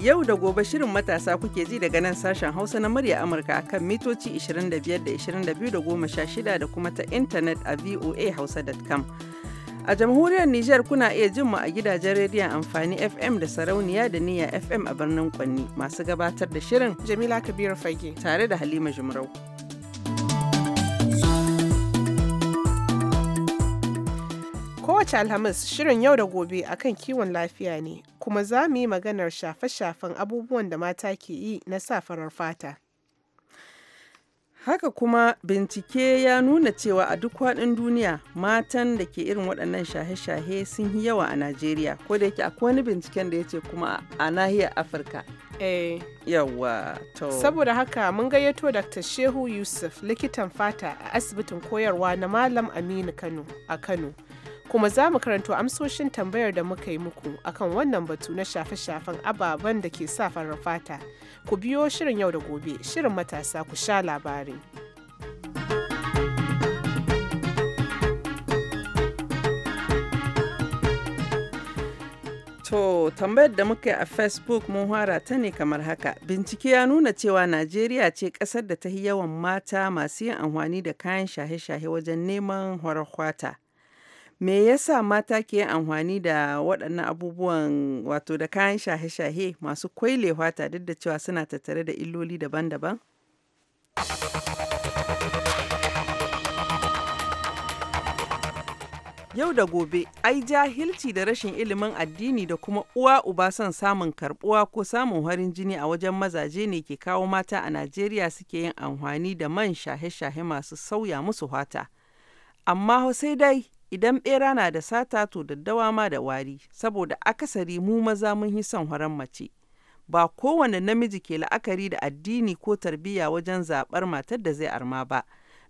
Yau da gobe shirin matasa kuke ji daga nan sashen Hausa na murya Amurka a kan mitoci 25 da 22 da 16 da kuma ta intanet a voahausa.com. A jamhuriyar Nijar kuna iya jin mu a gidajen rediyon amfani FM da sarauniya da niyya FM a birnin Kwanni masu gabatar da shirin Jamila Kabiru Fage tare da Halima Jumrau. Kowace Alhamis shirin yau da gobe akan kiwon lafiya ne, kuma za mu yi maganar shafe-shafen abubuwan da mata ke yi na sa farar fata. Haka kuma bincike ya nuna cewa a duk faɗin duniya matan da ke irin waɗannan shahe-shahe sun yi yawa a Najeriya, ko da yake akwai wani binciken da ya ce kuma a nahiyar Afirka. Eh. Yawa to. Saboda haka mun gayyato Dr. Shehu Yusuf likitan fata a asibitin koyarwa na Malam Aminu Kano a Kano. kuma za mu karanto amsoshin tambayar da muka yi muku akan wannan batu na shafe-shafen ababen da ke sa farar fata ku biyo shirin yau da gobe shirin matasa ku sha labari To tambayar da muka yi a Facebook mun hara ta ne kamar haka. Bincike ya nuna cewa Najeriya ce ƙasar da ta yi yawan mata masu yin amfani da kayan shahe-shahe wajen neman horar kwata. Me yasa mata ke yin amfani da waɗannan abubuwan wato da kayan shahe-shahe masu kwaile wata duk da cewa suna tattare da illoli daban-daban? Yau da gobe, ai jahilci da rashin ilimin addini da kuma uwa uba son samun karbuwa ko samun harin jini a wajen mazaje ne ke kawo mata a Najeriya suke yin amfani da man shahe-shahe masu sauya musu fata. Amma sai dai Idan bera na da sata to daddawa ma da wari, saboda akasari mu maza mun yi son horon mace. Ba kowane namiji ke la'akari da addini ko tarbiyya wajen zaɓar matar da zai arma ba.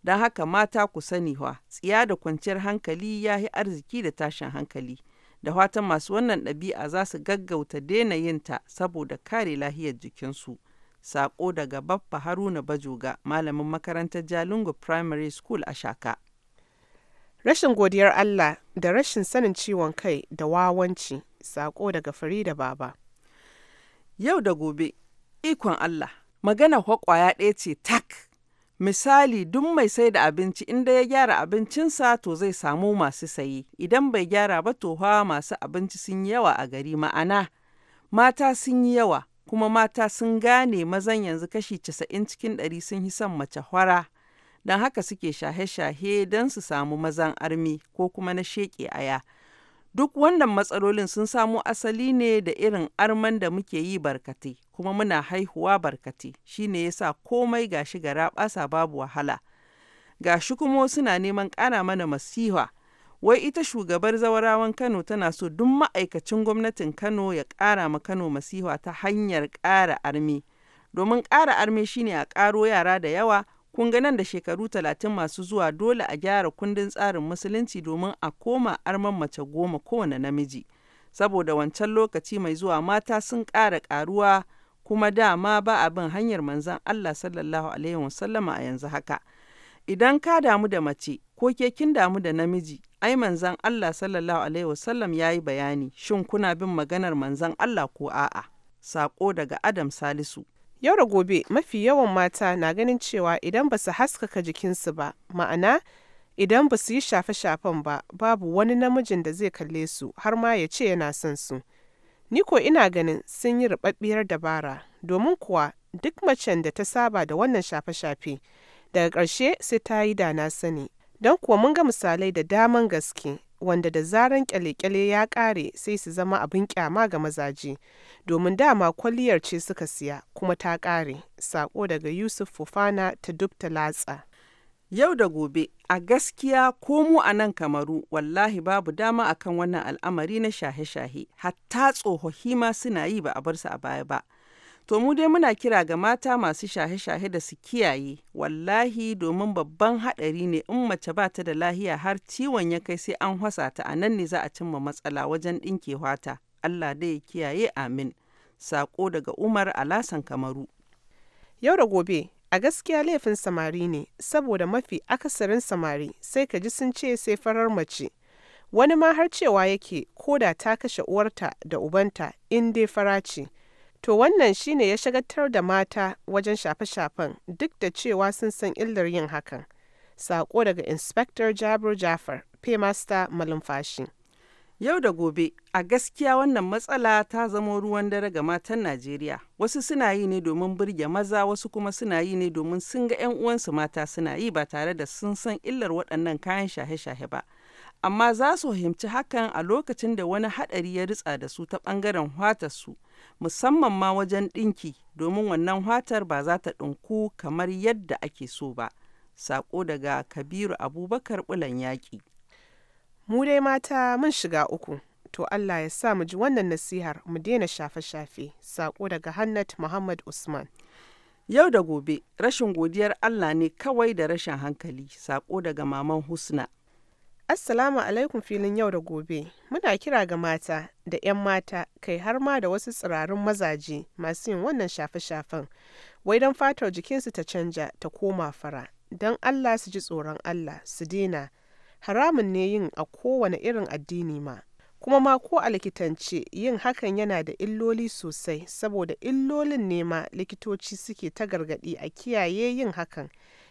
Don haka mata ku sani wa, tsiya da kwanciyar hankali ya yi arziki da tashin hankali. Da fatan masu wannan ɗabi'a za su gaggauta daina yinta saboda kare lahiyar jikinsu. Sako daga Baffa Haruna Bajoga, malamin makarantar Jalingo Primary School a Shaka. Rashin godiyar Allah da rashin sanin ciwon kai da wawanci, saƙo daga Farida Baba. Yau da gobe, ikon Allah, magana kwakwaya ɗaya ce tak. Misali, duk mai sai da abinci inda ya gyara abincinsa to zai samu masu saye, idan bai gyara ba to masu abinci sun yi yawa a gari ma'ana. Mata sun yi yawa, kuma mata sun gane mazan yanzu kashi 90 cikin 100 sun yi son mace hwara. don haka suke shahe-shahe don su samu mazan armi ko kuma na sheƙe aya. Duk wannan matsalolin sun samo asali ne da irin arman da muke yi barkate, kuma muna haihuwa barkate, shi ne ya sa komai gashi gara ɓasa babu wahala. Gashi kuma suna neman ƙara mana masiha, wai ita shugabar zawarawan Kano tana so duk ma'aikacin gwamnatin Kano ya ƙara ma Kano masiha ta hanyar ƙara armi. Domin ƙara armi ne a ƙaro yara da yawa, kun ga nan da shekaru talatin masu zuwa dole a gyara kundin tsarin musulunci domin a koma arman mace goma kowane namiji saboda wancan lokaci mai zuwa mata sun ƙara ƙaruwa kuma dama ba a bin hanyar manzan Allah sallallahu alaihi wasallama a yanzu haka idan ka damu da mace ko ke kin damu da namiji ai manzan Allah sallallahu alaihi wasallam yi bayani shin kuna bin maganar manzan Allah ko a'a saƙo daga Adam Salisu Yau da gobe mafi yawan mata na ganin cewa idan ba su haskaka jikinsu ba, ma'ana idan ba su yi shafe-shafen ba, babu wani namijin da zai kalle su har ma ya ce yana son su. Ni ko ina ganin sun yi ruɓaɓɓiyar dabara, domin kuwa duk macen da ta saba da wannan shafe-shafe, daga ƙarshe sai ta yi da na sani. Don kuwa mun ga misalai da daman gaske wanda da zaran kyale-kyale ya ƙare sai su zama abin kyama ga mazaje domin dama kwalliyar ce suka siya kuma ta ƙare sako daga yusuf fufana ta dubta latsa yau da gobe a gaskiya komo mu a nan kamaru wallahi babu dama akan wannan al'amari na shahe-shahe hatta tsohohi ma suna yi ba a bar su a baya ba. To mu dai muna kira ga mata masu shahe-shahe da su kiyaye, wallahi domin babban haɗari ne in mace ba ta da lahiya har ciwon ya kai sai an hwasa ta a nan ne za a cimma matsala wajen ɗinke hwata. Allah dai ya kiyaye amin. Sako daga Umar Alasan Kamaru. Yau da gobe, a gaskiya laifin samari ne, saboda mafi akasarin samari sai ka ji sun ce sai farar mace. Wani ma har cewa yake ko da ta kashe uwarta da ubanta in dai fara ce. To wannan shi ne ya shagaltar da mata wajen shafe-shafen duk da cewa sun san illar yin hakan. Sako daga Inspector Jabir Jafar, Paymaster Malumfashi. Yau da gobe, a gaskiya wannan matsala ta zamo ruwan dare ga matan Najeriya. Wasu suna yi ne domin burge maza, wasu kuma suna yi ne domin sun ga 'yan uwansu mata suna yi ba tare da sun san illar waɗannan kayan shahe-shahe ba. Amma za su fahimci hakan a lokacin da wani haɗari ya ritsa da su ta ɓangaren su. musamman ma wajen ɗinki domin wannan fatar ba za ta ɗinku kamar yadda ake so ba. Sako daga Kabiru Abubakar Bulan Yaƙi. Mu dai mata mun shiga uku, to Allah ya sa mu ji wannan nasihar mu daina shafe-shafe. Sako daga Hannat Muhammad Usman. Yau da gobe, rashin godiyar Allah ne kawai da rashin hankali. Sako daga Maman Husna. Assalamu alaikum filin yau da gobe. Muna kira ga mata da 'yan mata kai har ma da wasu tsirarin mazaje masu yin wannan shafe-shafen. Wai don fatar jikinsu ta canja ta koma fara. Don Allah su ji tsoron Allah su dina. Haramun ne yin a kowane irin addini ma. Kuma ma ko a likitance yin hakan yana da illoli sosai saboda illolin ne ma likitoci suke ta gargaɗi a kiyaye yin hakan.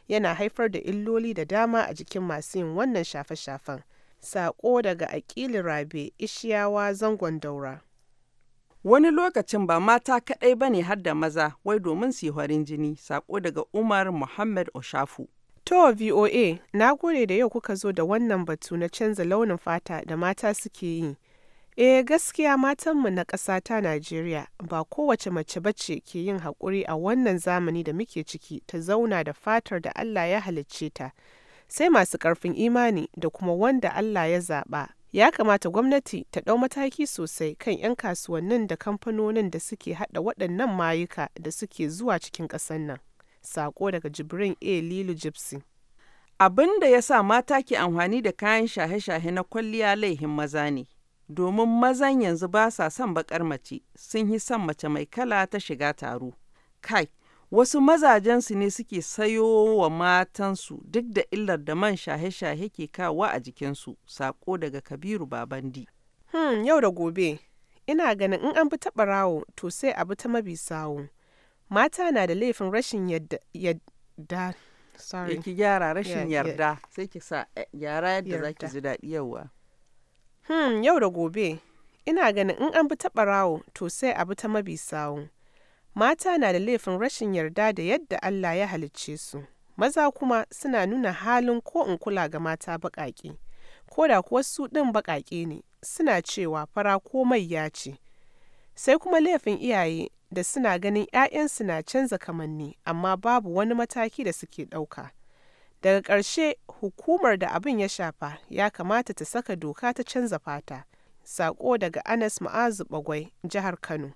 yana haifar da illoli da dama a jikin masu yin wannan shafe-shafen. Saƙo daga Aƙili Rabe, Ishiyawa, Zangon Daura. Wani lokacin ba mata kaɗai ba ne har da maza, wai domin su yi jini, saƙo daga Umar Muhammad Oshafu. To VOA, na gode da yau kuka zo da wannan batu na canza launin fata da mata suke yi. Eh gaskiya matanmu na ƙasa ta Najeriya ba kowace mace bace ke yin haƙuri a wannan zamani da muke ciki ta zauna da fatar da Allah ya halicce ta, sai masu ƙarfin imani da kuma wanda Allah ya zaɓa. Ya kamata gwamnati ta ɗau mataki sosai kan 'yan kasuwannin da kamfanonin da suke haɗa waɗannan mayuka da suke zuwa cikin ƙasar nan. Sako daga Jibrin A. Lilu Gypsy. Abin da ya sa mata ke amfani da kayan shahe-shahe na kwalliya laihin maza ne. domin mazan yanzu ba sa son baƙar mace sun yi son mace mai kala ta shiga taro kai wasu mazajensu ne suke sayo wa matansu duk da illar da man shahe-shahe ke kawa a jikinsu sako daga kabiru babandi hmm, yau da gobe ina ganin in an bi taɓa rawo to sai a bi ta mabi sawo mata na da laifin rashin yadda sorry eh, ki gyara rashin yarda sai ki sa eh, gyara yadda ji daɗi yawa Hmm, yau da gobe, ina ganin in an bi ta ɓarawo to sai a bi ta mabi sawu. Mata na da laifin rashin yarda da yadda Allah ya halicce su. Maza kuma suna nuna halin ko in kula ga mata baƙaƙe. Ko da kuwa su ɗin baƙaƙe ne, suna cewa fara komai ya ce. Sai kuma laifin iyaye da suna ganin ‘ya'yansu na canza kamanni amma babu wani mataki da suke ɗauka. Daga ƙarshe hukumar da abin ya shafa ya kamata ta saka doka ta canza fata. Saƙo daga Anas Ma'azu Bagwai, Jihar Kano.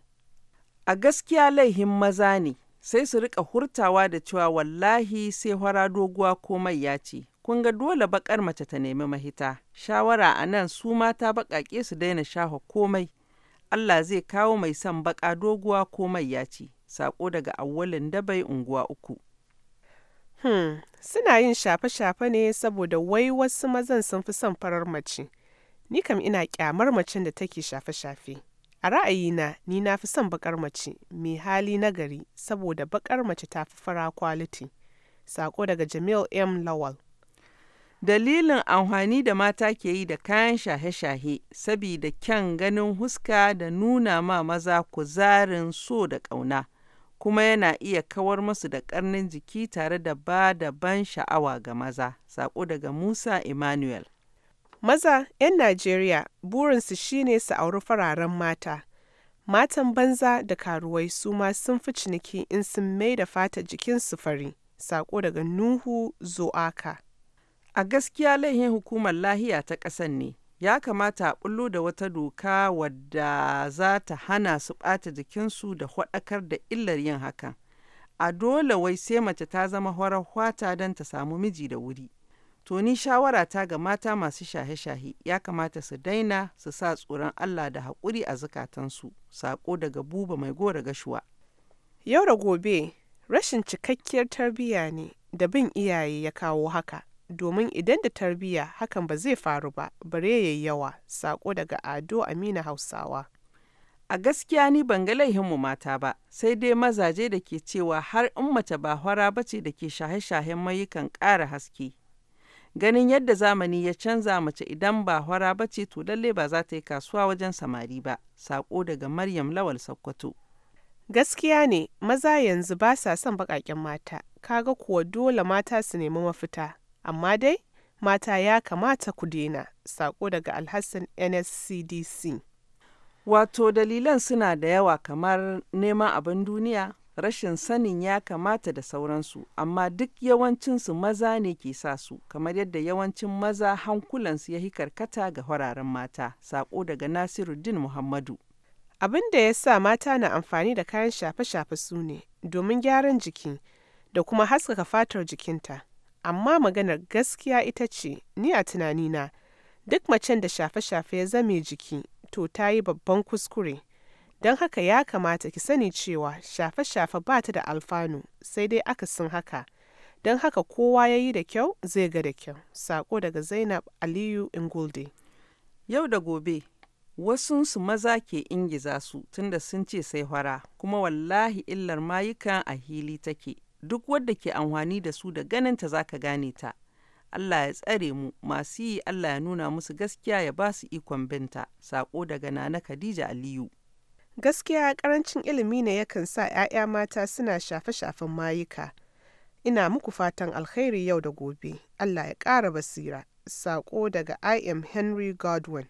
A gaskiya laihin maza ne, sai su rika hurtawa da cewa wallahi sai hwara doguwa mai ya ce. Kun ga dole bakar mace ta nemi mahita. Shawara a nan su mata baƙaƙe su daina shaho komai. Allah zai kawo mai son baƙa doguwa mai ya ce. Saƙo daga awwalin dabai unguwa uku. Hmm, suna yin shafe-shafe ne saboda wai wasu mazan sun fi son farar mace. Ni kam ina kyamar macen da take shafe-shafe. A ra'ayina, ni na fi son bakar mace mai hali na gari saboda bakar mace ta fi fara kwaliti. Sako daga Jamil M. Lawal. Dalilin amfani da mata ke yi da kayan shahe-shahe sabida kyan ganin huska da nuna ma maza kuzarin so da ƙauna. kuma yana iya kawar musu da ƙarnin jiki tare da ba da ban sha'awa ga maza. Sako daga Musa Emmanuel. Maza 'yan Najeriya burinsu shine su auri fararen mata. Matan banza da karuwai su ma sun fi ciniki in sun mai da fata jikinsu fari. Sako daga Nuhu Zo'aka. A gaskiya laihin hukumar lahiya ta ƙasan ne, ya kamata a bullo da wata doka wadda za ta hana su ɓata jikinsu da hwaɗakar da illar yin hakan. A dole wai sai mace ta zama horar hwata don ta samu miji da wuri. To ni shawara ta ga mata masu shahe-shahe ya kamata su daina su sa tsoron Allah da haƙuri a zukatansu. Sako daga buba mai gora gashuwa. Yau da gobe rashin cikakkiyar tarbiyya ne da bin iyaye ya kawo haka. domin idan da tarbiyya hakan ba zai faru ba bare ya yi yawa sako daga ado amina hausawa a gaskiya ni ban ga laihinmu mata ba sai dai mazaje da ke cewa har in mace ba hwara ba ce da ke shahe-shahen mayukan ƙara haske ganin yadda zamani ya canza mace idan ba hwara ba ce to lalle ba za ta yi kasuwa wajen samari ba sako daga maryam lawal sakkwato gaskiya ne maza yanzu ba sa son baƙaƙen mata kaga kuwa dole mata su nemi mafita Amma dai mata ya kamata ku daina, sako daga Alhassan NSCDC. Wato dalilan suna da yawa kamar neman abin duniya, rashin sanin ya kamata da sauransu, amma duk yawancinsu maza ne ke sa su, kamar yadda yawancin maza hankulansu ya karkata ga hararen mata, saƙo daga Nasiruddin Muhammadu. Abin da ya sa mata na amfani da kayan shafe-shafe su ne, domin gyaran jiki da kuma haskaka fatar jikinta. Amma maganar gaskiya ita ce, ni a tunanina, duk macen da shafe-shafe ya zame jiki, to ta yi babban kuskure. Don haka ya kamata ki sani cewa shafe-shafe ba ta da alfanu, sai dai aka sun haka. Don haka kowa ya yi da kyau zai ga da kyau. Sako daga Zainab Aliyu Ingulde. Yau da gobe, wasunsu maza ke ingiza su tunda sun ce sai hwara, kuma wallahi illar mayukan a hili take. duk wadda ke amfani da su da ganinta za ka gane ta. Allah ya tsare mu masu yi Allah ya nuna musu gaskiya ya ba su ikon binta. saƙo daga Nana Khadija Aliyu. Gaskiya ƙarancin ilimi ne yakan sa 'ya'ya mata suna shafe-shafen mayuka. Ina muku fatan alkhairi yau da gobe. Allah ya ƙara basira. saƙo daga im Henry Godwin.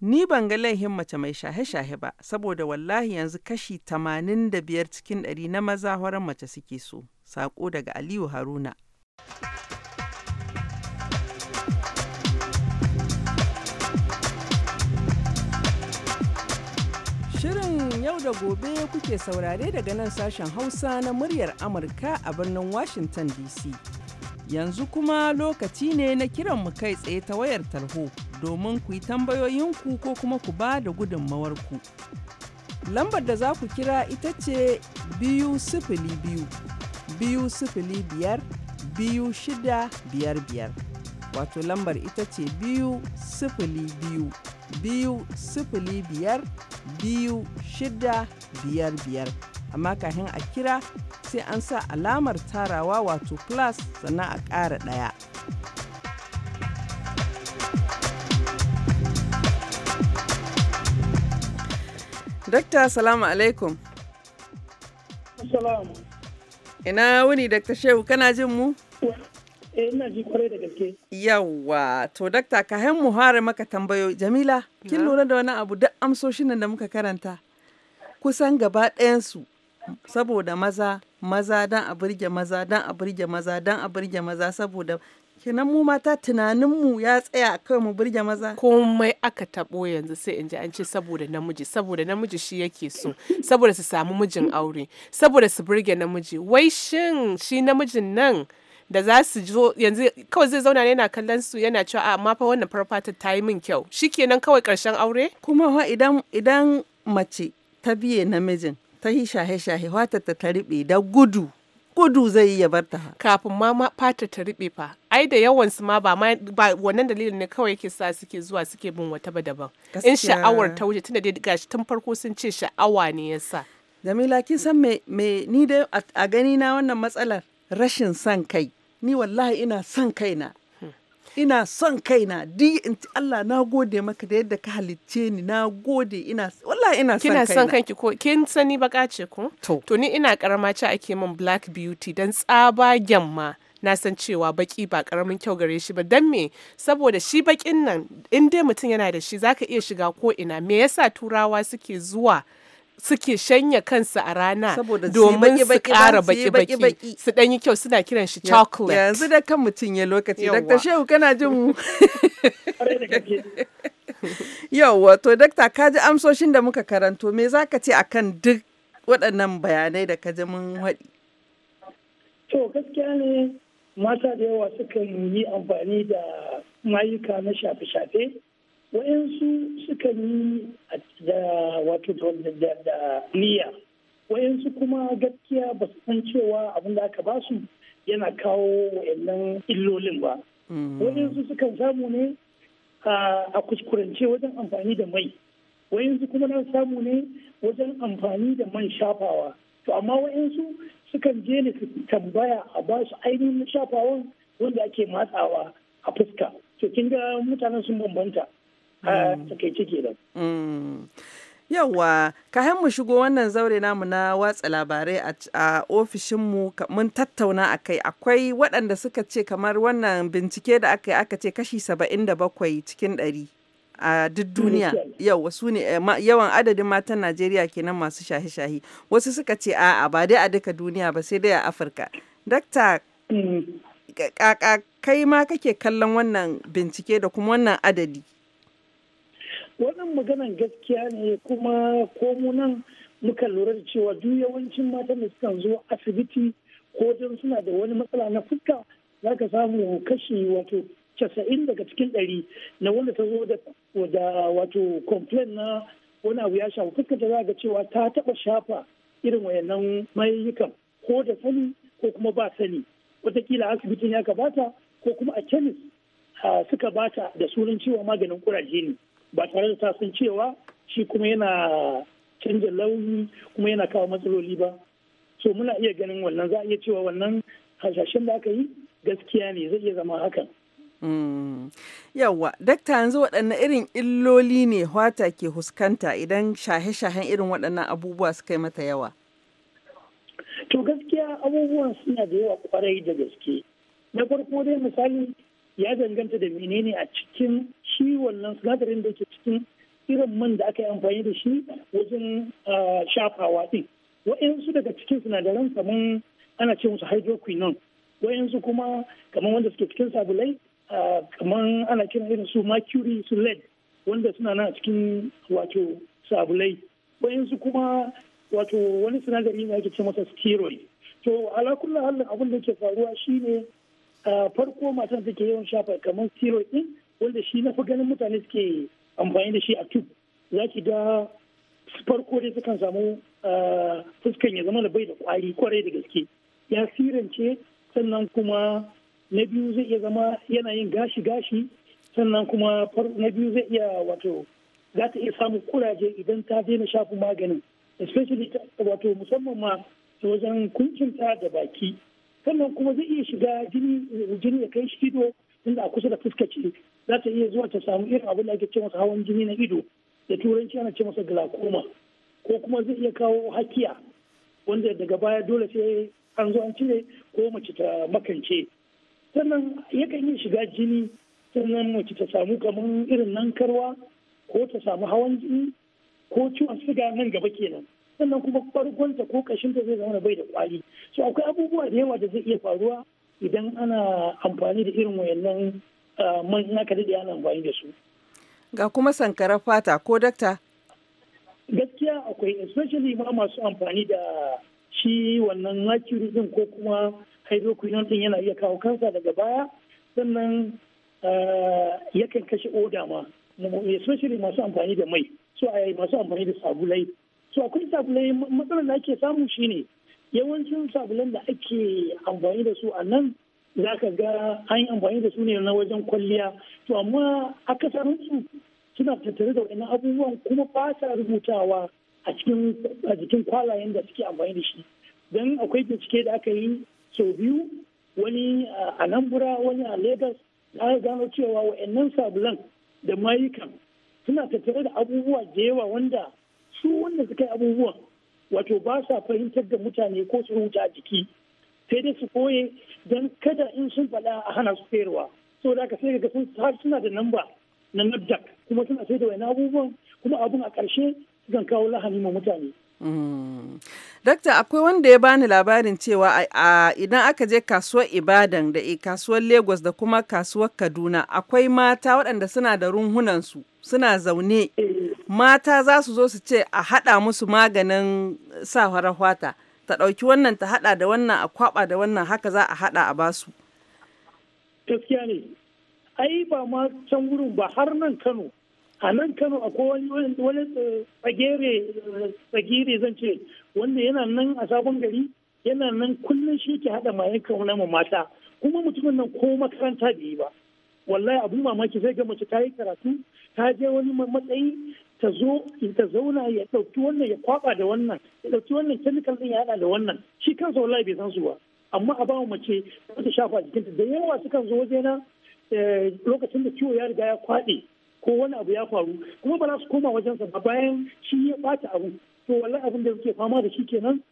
Ni ban ga laifin mace mai shahe-shahe ba, saboda wallahi yanzu kashi 85 cikin ɗari na maza horon mace suke so. saƙo daga Aliyu Haruna. Shirin yau da gobe kuke saurare daga nan sashen Hausa na muryar Amurka a birnin Washington DC. Yanzu kuma lokaci ne na kiran mu kai tsaye ta wayar tarho. domin ku yi tambayoyinku ko kuma ku ba da ku. Lambar da za ku kira ita ce biyu sifili biyu, biyu sifili biyar, biyu shida biyar biyar. Wato lambar ita ce biyu sifili biyu, biyu sifili biyar, biyu shida biyar biyar. Amma kafin a kira sai an sa alamar tarawa wato class sannan a ƙara ɗaya. Dakta salamu alaikum. Salamu. Ina wuni Dakta Shehu kana jin mu? Eh ina ji kwarai da gaske. Yawwa to Dakta ka hain mu hare maka tambayo Jamila kin lura da wani abu duk amsoshin da muka karanta kusan gaba ɗayansu saboda maza maza don a burge maza don a burge maza don a burge maza saboda kenan mu mata tunaninmu ya tsaya kan mu burge maza komai aka taɓo yanzu sai in ji an ce saboda namiji saboda namiji shi yake so saboda su samu mijin aure saboda su burge namiji wai shin shi namijin nan da za su zo yanzu kawai zai zauna yana kallon su yana cewa amma fa wannan farfata ta yi min kyau shi shikenan kawai karshen aure kuma wa idan idan mace ta biye namijin ta yi shahe-shahe wata ta riɓe da gudu gudu zai iya bar ta kafin ma fata ta riɓe fa ai da yawan su ma ba wannan dalilin ne kawai yake sa suke zuwa suke bin wata ba daban in sha'awar ta wuce tunda dai gashi tun farko sun ce sha'awa ne yasa Jamila kin san me me ni dai a gani na wannan matsalar rashin son kai ni wallahi ina son kaina ina son kaina di in Allah na gode maka da yadda ka halicce ni na gode ina wallah ina son kaina kina son kanki ko kin sani baka ce ko to, ni ina karama ce ake min black beauty dan tsaba gyamma na san cewa baki ba karamin kyau gare shi ba dan me saboda shi bakin nan in dai mutum yana da shi zaka iya shiga ko ina me yasa turawa suke zuwa suke shanya kansu a rana domin su kara baki-baki su dan yi kyau suna kiran shi chocolate yanzu da kan mutum ya lokaci dr. shehu kana jin mu yawwa to dakta ka ji amsoshin da muka karanto me za ka ce akan duk waɗannan bayanai da ka ji mun haɗi to gaskiya ne mata da yawa suka yi amfani da mayuka na shafe-shafe wayansu suka yi da wato da niyya wayansu kuma gaskiya ba su san cewa abin da aka ba su yana kawo wayannan illolin ba mm. wayansu sukan samu ne a kuskurance wajen amfani da mai wayansu kuma na samu ne wajen amfani da man shafawa to amma wayansu sukan je ne su tambaya a ba su ainihin shafawan wanda ake matsawa a fuska to kinga mutanen sun bambanta Mm. Mm. yawwa ka mu shigo wannan zaure namu na watsa labarai a ofishinmu mun tattauna a kai akwai waɗanda suka ce kamar wannan bincike da aka yi aka ce kashi 77 cikin 100 a duk mm, duniya yauwa su ne eh, yawan adadin matan najeriya kenan masu shahi-shahi wasu suka ce a'a ba dai a duka duniya ba sai dai a afirka dakta kai ma kake kallon wannan bincike da kuma wannan adadi wannan maganan gaskiya ne kuma komu nan muka lura da cewa duk yawancin matan da sukan zo asibiti ko don suna da wani matsala na fuska za ka samu kashi wato casa'in daga cikin ɗari na wanda ta zo da wato complain na wani abu ya shafa fuska ta za cewa ta taɓa shafa irin wayannan mayayyukan ko da sani ko kuma ba sani watakila asibitin ya gabata ko kuma a kemis suka bata da sunan cewa maganin kuraje ne ba tare da ta cewa shi kuma yana canja launi kuma yana kawo matsaloli ba so muna iya ganin wannan za a iya cewa wannan hasashen da aka yi gaskiya ne zai iya zama hakan mm. Yawwa, dakta yanzu waɗanne irin illoli ne wata ke huskanta idan shahe-shahen irin waɗannan abubuwa suka yi mata yawa? To gaskiya abubuwan suna da yawa kwarai da gaske. Na farko dai misali ya danganta da menene a cikin shi wannan sinadarin da ke cikin irin man da aka yi amfani da shi wajen shafawa ɗin wa'yansu daga cikin sinadaran kamar ana ce musu hydroquinone wa'yansu kuma kamar wanda suke cikin sabulai kamar ana kiran irin su mercury su lead wanda suna nan a cikin wato sabulai wa'yansu kuma wato wani sinadari ne ake ce masa steroid to ala kullum abin da ke faruwa shine farko matan take yawan shafa kamar steroid din wanda shi na fi ganin mutane suke amfani da shi a tube za ki ga farko dai sukan samu eh, fuskan ya zama da bai da kwari kwarai da gaske ya sirance sannan kuma na biyu zai iya zama yanayin gashi-gashi sannan kuma na biyu zai iya wato za ta iya samun kuraje idan ta daina shafin maganin especially wato musamman ma ta wajen kuncinta da baki sannan kuma zai iya shiga jini ya kai shi ido inda a kusa da fuska ce za ta iya zuwa ta samu irin abin da ake ce masa hawan jini na ido da turanci ana ce masa glaucoma ko kuma zai iya kawo hakiya wanda daga baya dole sai an zo an cire ko mace ta makance sannan yakan iya shiga jini sannan mace ta samu kamar irin nan karwa ko ta samu hawan jini ko ciwon siga nan gaba kenan sannan kuma bargonta ko kashinta zai zama bai da kwali. so akwai abubuwa da yawa da zai iya faruwa idan ana amfani da irin wayannan Ah, mun na ka daɗe ana amfani da su. Ga kuma sankarar fata ko dakta? Gaskiya akwai especially ma masu amfani da shi wannan mercury din ko kuma hydroquinone din yana iya kawo kansa daga baya sannan ah, yakan kashe oda ma especially masu amfani da mai so a masu amfani da sabulai so akwai sabulai matsalar da ake samu shine yawancin sabulan da ake amfani da su a nan za ka ga an yi amfani da su ne na wajen kwalliya to amma akasarin su suna tattare da wani abubuwan kuma ba sa rubutawa a cikin a jikin kwalayen da suke amfani da shi don akwai bincike da aka yi sau biyu wani a nambura wani a lagos aka gano cewa wa'annan sabulan da mayukan suna tattare da abubuwa da yawa wanda su wanda suka yi abubuwan wato ba sa fahimtar da mutane ko su rubuta a jiki sai dai su koye don kada in sun faɗa a hana su sayarwa da ka sai ga sun suna da namba na nafdak kuma suna sai da wani abubuwan kuma abun a ƙarshe sukan kawo lahani ma mutane dokta hmm. Dakta akwai wanda ya bani labarin cewa idan aka je kasuwar Ibadan da eh, kasuwar Lagos da kuma kasuwar Kaduna akwai mata waɗanda suna da runhunansu suna zaune eh. mata za su zo su ce a haɗa musu maganin sa farar ta ɗauki wannan ta haɗa da wannan a kwaɓa da wannan haka za a haɗa a basu. Gaskiya ne, ai ba ma can wurin ba har nan Kano, a nan Kano akwai wani eh, eh, tsagere zan ce wanda yana nan a sabon gari yana nan kullum shi ke haɗa mayan kauna ma mata kuma mutumin nan ko makaranta bai yi ba. Wallahi abin mamaki sai ga mace ta yi karatu ta je wani matsayi ta zo ta zauna ya ɗauki wannan ya kwaba da wannan ya ɗauki wannan chemical ɗin ya haɗa da wannan shi kansa wallahi bai san su ba amma a ba mace ta shafa jikinta da yawa sukan zo wajena eh, lokacin da ciwo ya riga ya kwaɗe ko wani abu ya faru kuma ba za su koma wajensa ba bayan shi ya bata abu to wallahi abin da suke fama da shi kenan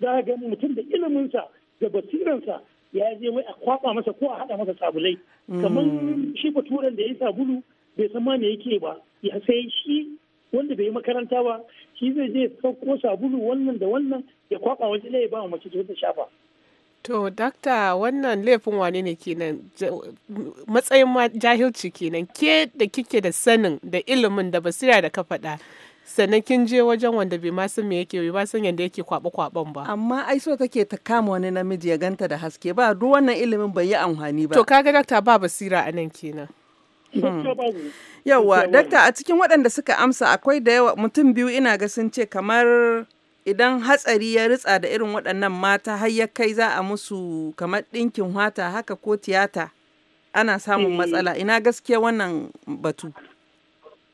za ga mutum da iliminsa da basiransa ya je wai a kwaba masa ko a haɗa masa sabulai kamar mm. shi baturen da ya yi sabulu bai san ma me yake ba ya sai shi wanda bai yi makaranta ba shi zai je sauko sabulu wannan da wannan ya kwaba waje ya ba mace ta shafa to dakta wannan laifin wane ne kenan matsayin jahilci kenan ke da kike da sanin da ilimin da basira da ka faɗa sannan kin je wajen wanda bai ma san me yake bai ma san yanda yake kwaba kwaban ba amma ai so take ta kama wani namiji ya ganta da haske ba duk wannan ilimin bai yi amfani ba to kaga dakta ba basira anan kenan Hmm. Yawwa, dakta a cikin waɗanda suka amsa akwai da yawa mutum biyu ina ga sun ce kamar idan hatsari ya ritsa da irin waɗannan mata har ya kai za a musu kamar ɗinkin hata haka ko tiyata ana samun eh. matsala ina gaskiya wannan batu.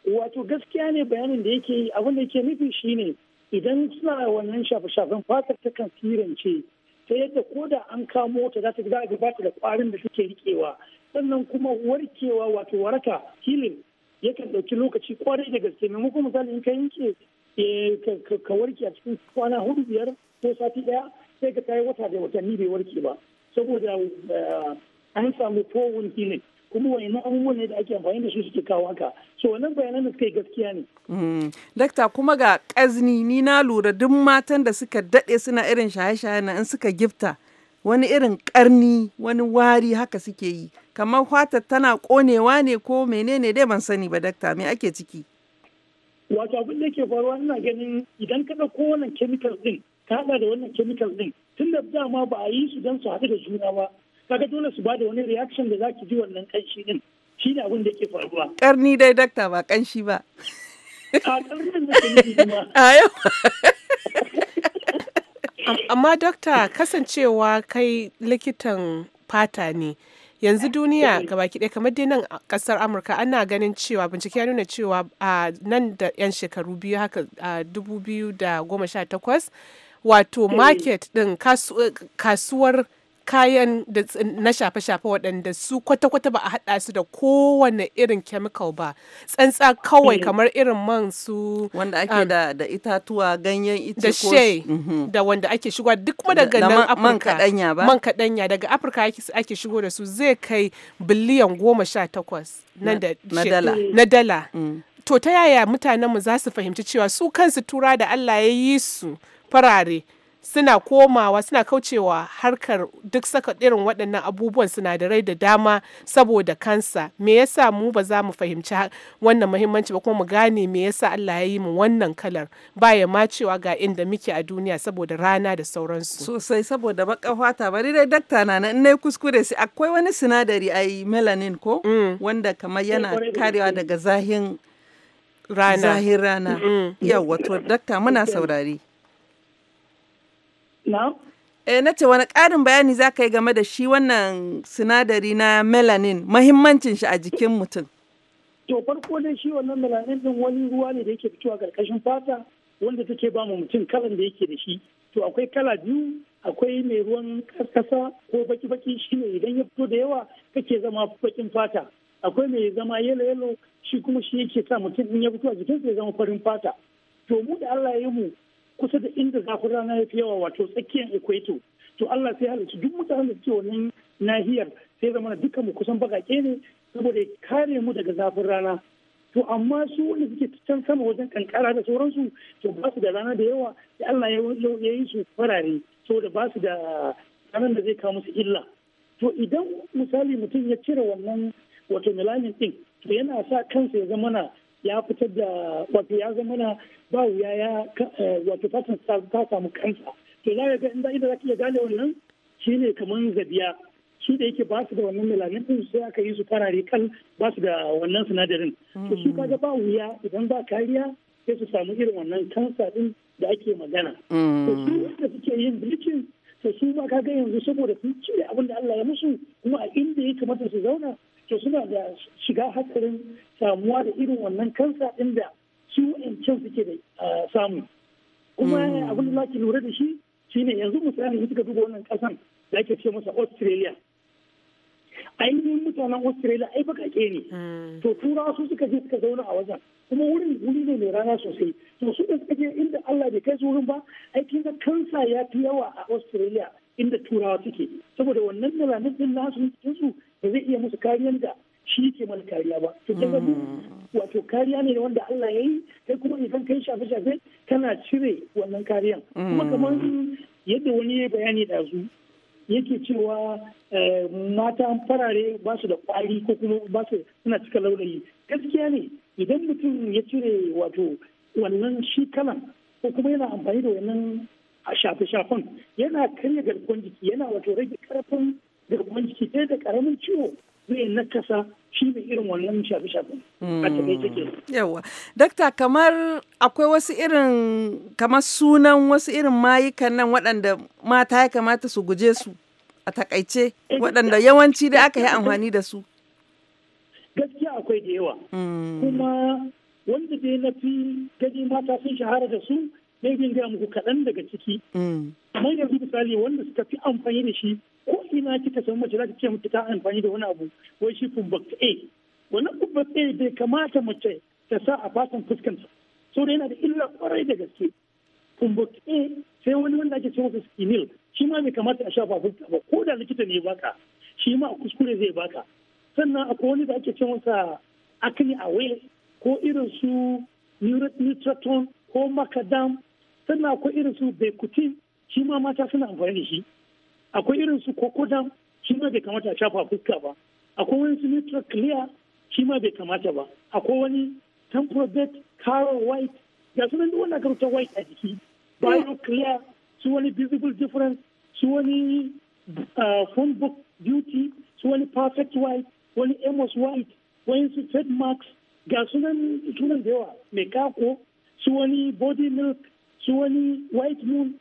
Wato gaskiya ne bayanin da yake yi abin da yake nufi shine idan suna wannan shafe-shafen fatar ta kan sirance ta yadda ko da an kamo ta za ta ga a da kwarin da suke rikewa sannan kuma warkewa wato waraka healing yakan ɗauki lokaci kwarai da gaske maimakon misali in ka yanke eh, ka warke a cikin kwana hudu biyar ko sati ɗaya sai ka kai wata da watanni bai warke ba saboda eh, an samu kowun healing kuma wani na abubuwan ne da ake amfani da su suke kawo haka so wannan bayanan da suka yi gaskiya ne. Mm. dakta kuma ga kazni ni na lura duk matan da suka daɗe suna irin shaye-shaye na in suka gifta wani irin karni wani wari haka suke yi kamar fatar tana konewa ne ko menene dai ban sani ba dakta me ake ciki wato abin da ke faruwa ina ganin idan ka ɗauko wannan chemical din ka haɗa da wannan chemical din tun da dama ba a yi su don su haɗu da juna ba kaga dole su ba da wani reaction da za ki ji wannan kanshi din shi ne abin da ke faruwa karni dai dakta ba kanshi ba a karnin da ke ma amma dakta kasancewa kai likitan fata ne yanzu duniya ga baki ɗaya kamar dai nan a ƙasar amurka ana ganin cewa bincike ya nuna cewa a nan da 'yan shekaru biyu haka a dubu biyu da goma sha takwas wato hmm. market ɗin kasuwar kayan da na shafe-shafe waɗanda su kwata-kwata ba a haɗa su da kowane irin chemical ba tsantsa kawai eh. kamar irin man su wanda ake um, da itatuwa ganyen ita da shai mhm. da wanda ake shigo duk kuma daga nan Afirka man kaɗanya ba man kaɗanya daga Afirka ake shigo da su zai kai biliyan goma sha takwas na dala na dala mm. to ta yaya mutanenmu za su fahimci cewa su kansu tura da Allah ya yi su farare suna komawa suna kaucewa harkar duk saka irin waɗannan abubuwan sinadarai da dama saboda kansa me yasa mu ba za mu fahimci wannan muhimmanci ba kuma mu gane me yasa Allah ya yi mu wannan kalar ba ya ma cewa ga inda muke a duniya saboda rana da sauransu sosai saboda baka fata bari dai dakta na nan kuskure sai akwai wani sinadari ai melanin ko mm. wanda kamar yana karewa daga zahin rana zahin rana mm. yawa to dakta muna saurari Eh, na ce wani ƙarin bayani za ka yi game da shi wannan sinadari na melanin mahimmancin shi a jikin mutum. To farko dai shi wannan melanin din wani ruwa ne da yake fitowa ƙarƙashin fata wanda take ba mu mutum kalan da yake da shi. To akwai kala biyu akwai mai ruwan ƙasa ko baki-baki shi ne idan ya fito da yawa kake zama baƙin fata. Akwai mai zama yalo-yalo shi kuma shi yake sa mutum in ya fito a jikinsa ya zama farin fata. To mu da Allah ya yi mu kusa da inda zafin rana ya fi yawa wato tsakiyar equator to Allah sai halittu duk mutanen da suke wannan nahiyar sai zama dukkan mu kusan bagaƙe ne saboda kare mu daga zafin rana to amma su wanda suke can sama wajen kankara da sauransu to ba su da rana da yawa sai Allah ya yi su farare saboda ba su da ranar da zai kawo musu illa to idan misali mutum ya cire wannan wato melanin din to yana sa kansa ya zama na ya fitar da wato ya zama na ba wuya ya eh, wato fatan ta samu kansa to za ga inda inda za iya gane wannan shine kamar zabiya su da yake ba su da wannan melanin din sai aka yi su farare kan ba su da wannan sinadarin to su kaga ba wuya idan ba kariya sai su samu irin wannan kansa din da ake magana to su mm. wanda suke yin bleaching to su ka ga yanzu saboda sun cire abin da Allah ya musu kuma a inda ya kamata su zauna to suna da shiga hatsarin samuwa da irin wannan kansa inda da su wa'ancan suke da samu kuma hmm. abin da zaki lura da shi shine yanzu misali in kika duba wannan kasan da ake ce masa australia ainihin mutanen australia ai bakake ne hmm. to turawa su suka je suka zauna a wajen kuma wurin wuri ne mai rana sosai to su da suka je inda allah bai kai su wurin ba aikin da kansa ya fi yawa a australia inda turawa suke saboda wannan ranar din nasu sun su ba zai iya musu kariyar da shi ke mana kariya ba to kaga mm. wato kariya ne wanda Allah ya yi kai kuma idan kai shafe shafe kana cire wannan kariyan kuma mm. kamar yadda wani ya bayani su yake cewa eh, mata farare ba su da kwari ko kuma ba su suna cika laulayi gaskiya ne idan mutum ya cire wato wannan shi kalan ko kuma yana amfani da wannan a shafe-shafen yana karya garkuwar jiki yana wato rage karfin garkuwar jiki ɗaya da karamin ciwo zai nakasa shi ne irin wannan shafe-shafen a hmm. take ke. Yawa, dakta kamar akwai wasu irin kamar sunan wasu irin mayukan nan waɗanda mata ya kamata su guje su a takaice eh, waɗanda yawanci da aka yi amfani da su. Gaskiya akwai da yawa. Hmm. Kuma wanda dai na fi gani mata sun shahara da su zai bin gaya muku kaɗan daga ciki. Mm. Amma yanzu misali wanda suka fi amfani da shi ko ina kika san mace za ta ce mutu ta amfani da wani abu wai shi e A. Wannan kubbat A bai kamata mace ta sa a fatan fuskanta. da yana da illa kwarai da gaske. Kubbat A sai wani wanda ake ce masa skinil shi ma bai kamata a shafa fuska ba ko da likita ne baka shi ma a kuskure zai baka. Sannan akwai wani da ake ce masa a away ko irin su neutratone ko makadam sannan akwai irin su bekutin shi ma mata suna amfani da shi akwai irin su kokodam shi ma bai kamata a shafa fuska ba akwai wani su nitroclear shi ma bai kamata ba akwai wani temprobet caro white ga sunan duk wanda aka rubuta white a jiki bio clear su wani visible difference su wani uh, phone book beauty su wani perfect white wani amos white wani su trademarks ga sunan tunan da yawa mai kako su wani body milk su wani white moon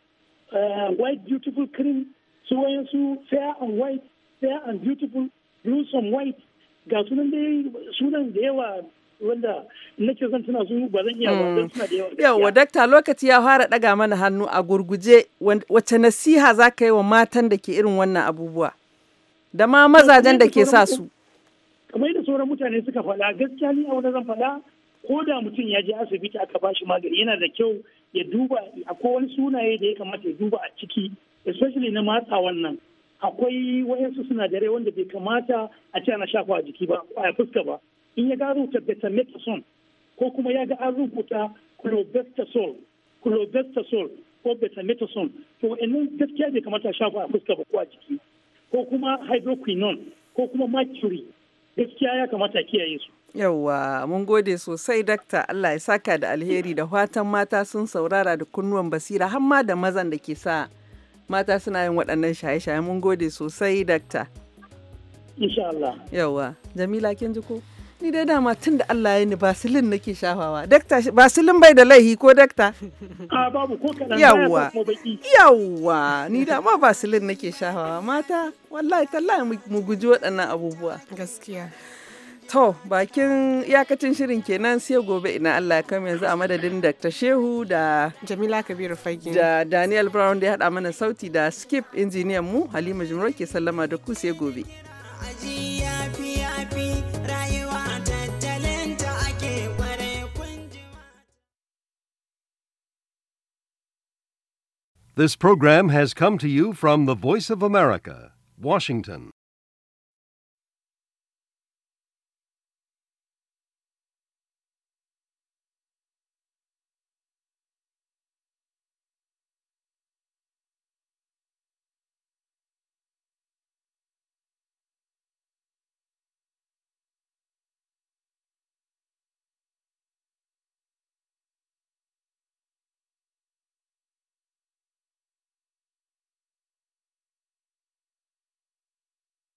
eh, white beautiful cream su wani su fair and white fair and beautiful bluesome white ga sunan da sunan da yawa wanda nake zan tana su ba zan iya ba hmm. suna da yawa. Yawa dakta lokaci ya fara daga mana hannu a gurguje wacce nasiha za ka yi wa matan da ke irin wannan abubuwa da ma mazajen da ke sa su. Kamar da sauran mutane suka faɗa gaskiya ni a wani zan faɗa ko da mutum ya je asibiti aka bashi magani yana da kyau ya duba akwai wani sunaye da ya kamata ya duba a ciki especially na matsa wannan akwai wayansu sinadarai wanda bai kamata a ce ana shafa a jiki ba a fuska ba in ya ga rubuta betamethasone ko kuma ya ga an rubuta clobestasol clobestasol ko betamethasone to wa'annan gaskiya bai kamata a shafa a fuska ba ko a jiki ko kuma hydroquinone ko kuma mercury gaskiya ya kamata a kiyaye su Yawwa, mun gode sosai dakta Allah ya saka da alheri da fatan mata sun saurara da kunnuwan basira har ma da mazan da ke sa mata suna yin waɗannan shaye-shaye mun gode sosai dakta. Insha Allah. Yawwa, Jamila kin ji ko? Ni dai dama tun da Allah ya ni basilin nake shafawa. Dakta basilin bai da laihi ko dakta? A babu ko yawwa. Yawwa, ni dama basilin nake shafawa mata wallahi tallahi mu guji waɗannan abubuwa. Gaskiya. To bakin iyakacin shirin kenan sai gobe ina Allah kam yanzu a madadin Dr. Shehu da Jamila Kabiru Fagin da Daniel Brown da ya haɗa mana sauti da Skip injiniyan mu Halima Jumro ke sallama da ku sai gobe. This program has come to you from the Voice of America, Washington.